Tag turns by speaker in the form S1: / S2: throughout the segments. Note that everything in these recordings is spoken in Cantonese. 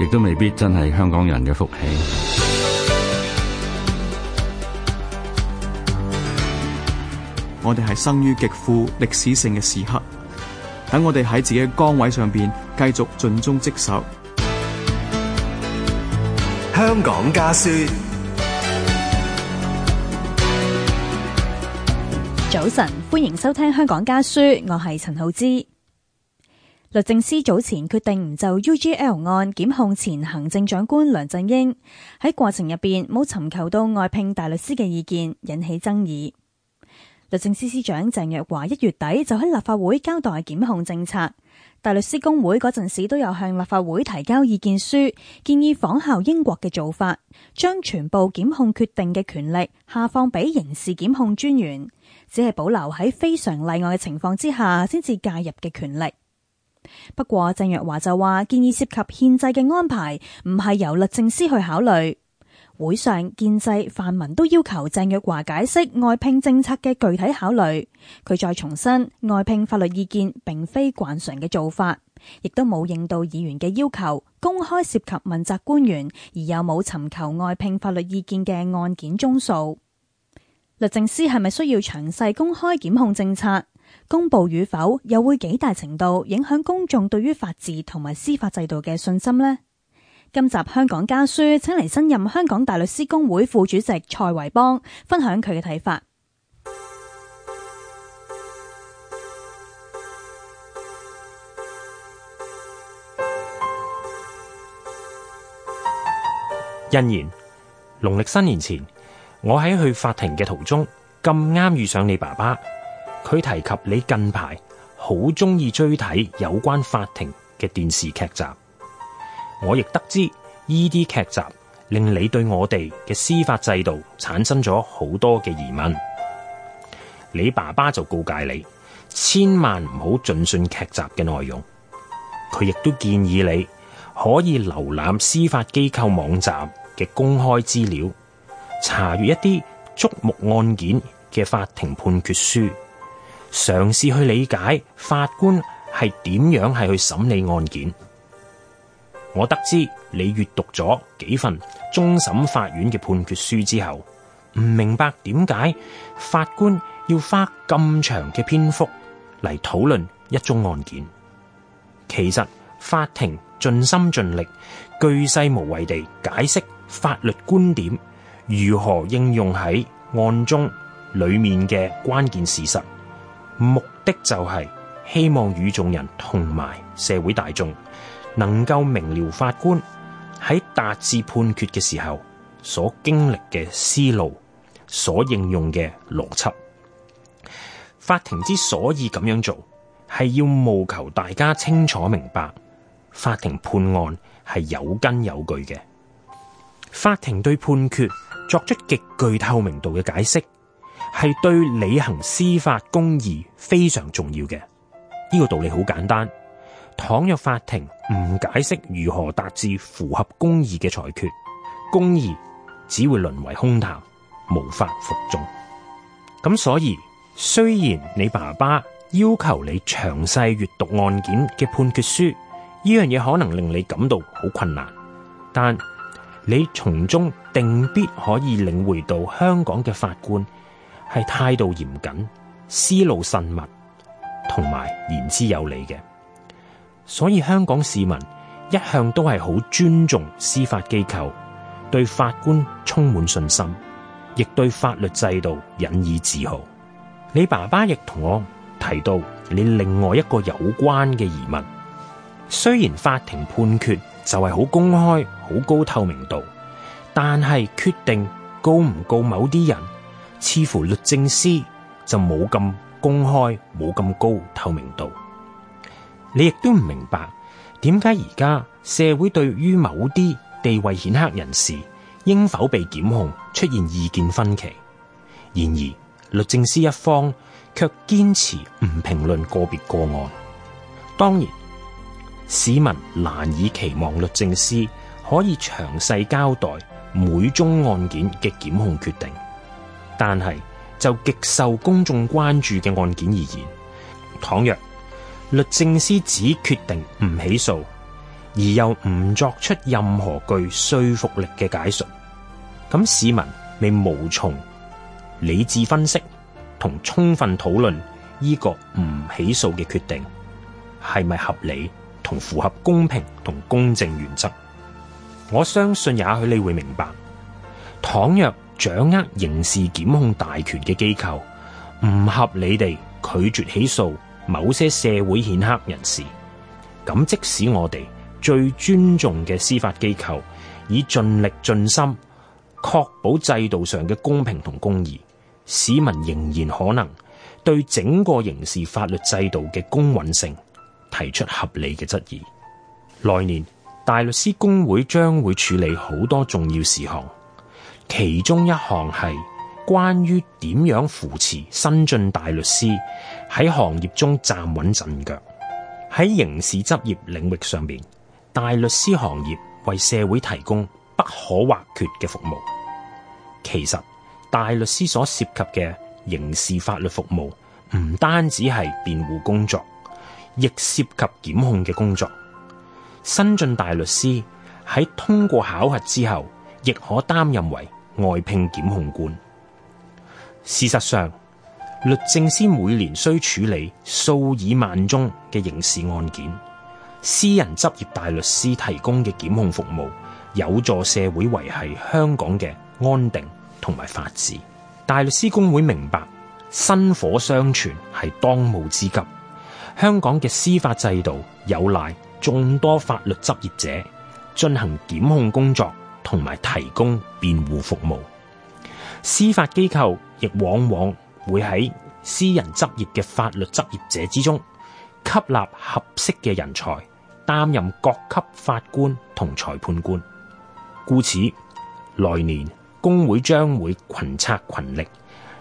S1: 亦都未必真係香港人嘅福氣。我哋係生於極富歷史性嘅時刻，等我哋喺自己嘅崗位上邊繼續盡忠職守。香港家書，
S2: 早晨，歡迎收聽香港家書，我係陳浩之。律政司早前決定唔就 UGL 案檢控前行政長官梁振英，喺過程入邊冇尋求到外聘大律師嘅意見，引起爭議。律政司司長鄭若驊一月底就喺立法會交代檢控政策。大律師公會嗰陣時都有向立法會提交意見書，建議仿效英國嘅做法，將全部檢控決定嘅權力下放俾刑事檢控專員，只係保留喺非常例外嘅情況之下先至介入嘅權力。不過鄭若華就話，建議涉及憲制嘅安排唔係由律政司去考慮。會上建制泛民都要求鄭若華解釋外聘政策嘅具體考慮。佢再重申，外聘法律意見並非慣常嘅做法，亦都冇應到議員嘅要求，公開涉及問責官員，而又冇尋求外聘法律意見嘅案件宗數。律政司係咪需要詳細公開檢控政策？公布與否，又會幾大程度影響公眾對於法治同埋司法制度嘅信心呢？今集《香港家書》，請嚟新任香港大律師公會副主席蔡維邦分享佢嘅睇法。
S1: 欣然，農曆新年前，我喺去法庭嘅途中咁啱遇上你爸爸。佢提及你近排好中意追睇有關法庭嘅電視劇集，我亦得知呢啲劇集令你對我哋嘅司法制度產生咗好多嘅疑問。你爸爸就告誡你，千萬唔好盡信劇集嘅內容。佢亦都建議你可以瀏覽司法機構網站嘅公開資料，查閱一啲觸目案件嘅法庭判決書。嘗試去理解法官係點樣係去審理案件。我得知你閱讀咗幾份終審法院嘅判決書之後，唔明白點解法官要花咁長嘅篇幅嚟討論一宗案件。其實法庭盡心盡力、巨細無遺地解釋法律觀點如何應用喺案中裏面嘅關鍵事實。目的就係希望與眾人同埋社會大眾能夠明了法官喺達至判決嘅時候所經歷嘅思路，所應用嘅邏輯。法庭之所以咁樣做，係要務求大家清楚明白，法庭判案係有根有據嘅。法庭對判決作出極具透明度嘅解釋。係對履行司法公義非常重要嘅，呢個道理好簡單。倘若法庭唔解釋如何達至符合公義嘅裁決，公義只會淪為空談，無法服眾。咁所以，雖然你爸爸要求你詳細閱讀案件嘅判決書，呢樣嘢可能令你感到好困難，但你從中定必可以領會到香港嘅法官。係態度嚴謹、思路慎密，同埋言之有理嘅。所以香港市民一向都係好尊重司法機構，對法官充滿信心，亦對法律制度引以自豪。你爸爸亦同我提到你另外一個有關嘅疑問。雖然法庭判決就係好公開、好高透明度，但係決定告唔告某啲人，似乎律政司就冇咁公開，冇咁高透明度。你亦都唔明白點解而家社會對於某啲地位顯赫人士應否被檢控出現意見分歧。然而律政司一方卻堅持唔評論個別個案。當然，市民難以期望律政司可以詳細交代每宗案件嘅檢控決定。但係就極受公眾關注嘅案件而言，倘若律政司只決定唔起訴，而又唔作出任何具說服力嘅解述，咁市民未無從理智分析同充分討論呢個唔起訴嘅決定係咪合理同符合公平同公正原則？我相信，也許你會明白。倘若掌握刑事檢控大權嘅機構，唔合理地拒絕起訴某些社會顯赫人士，咁即使我哋最尊重嘅司法機構以盡力盡心確保制度上嘅公平同公義，市民仍然可能對整個刑事法律制度嘅公允性提出合理嘅質疑。來年，大律師公會將會處理好多重要事項。其中一項係關於點樣扶持新晉大律師喺行業中站穩陣腳。喺刑事執業領域上邊，大律師行業為社會提供不可或缺嘅服務。其實大律師所涉及嘅刑事法律服務唔單止係辯護工作，亦涉及檢控嘅工作。新晉大律師喺通過考核之後，亦可擔任為。外聘檢控官，事實上，律政司每年需處理數以萬宗嘅刑事案件。私人執業大律師提供嘅檢控服務，有助社會維繫香港嘅安定同埋法治。大律師公會明白，薪火相傳係當務之急。香港嘅司法制度有賴眾多法律執業者進行檢控工作。同埋提供辯護服務，司法機構亦往往會喺私人執業嘅法律執業者之中吸納合適嘅人才擔任各級法官同裁判官。故此，來年公會將會群策群力，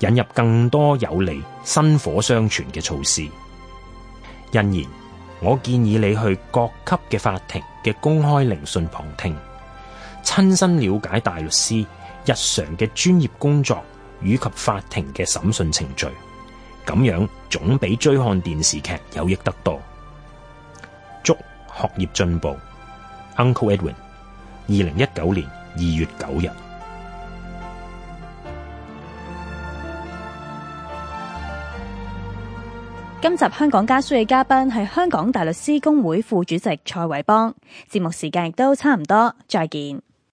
S1: 引入更多有利薪火相傳嘅措施。因而，我建議你去各級嘅法庭嘅公開聆訊旁聽。親身了解大律師日常嘅專業工作，以及法庭嘅審訊程序，咁樣總比追看電視劇有益得多。祝學業進步，Uncle Edwin。二零一九年二月九日，
S2: 今集香港家書嘅嘉賓係香港大律師公會副主席蔡維邦。節目時間亦都差唔多，再見。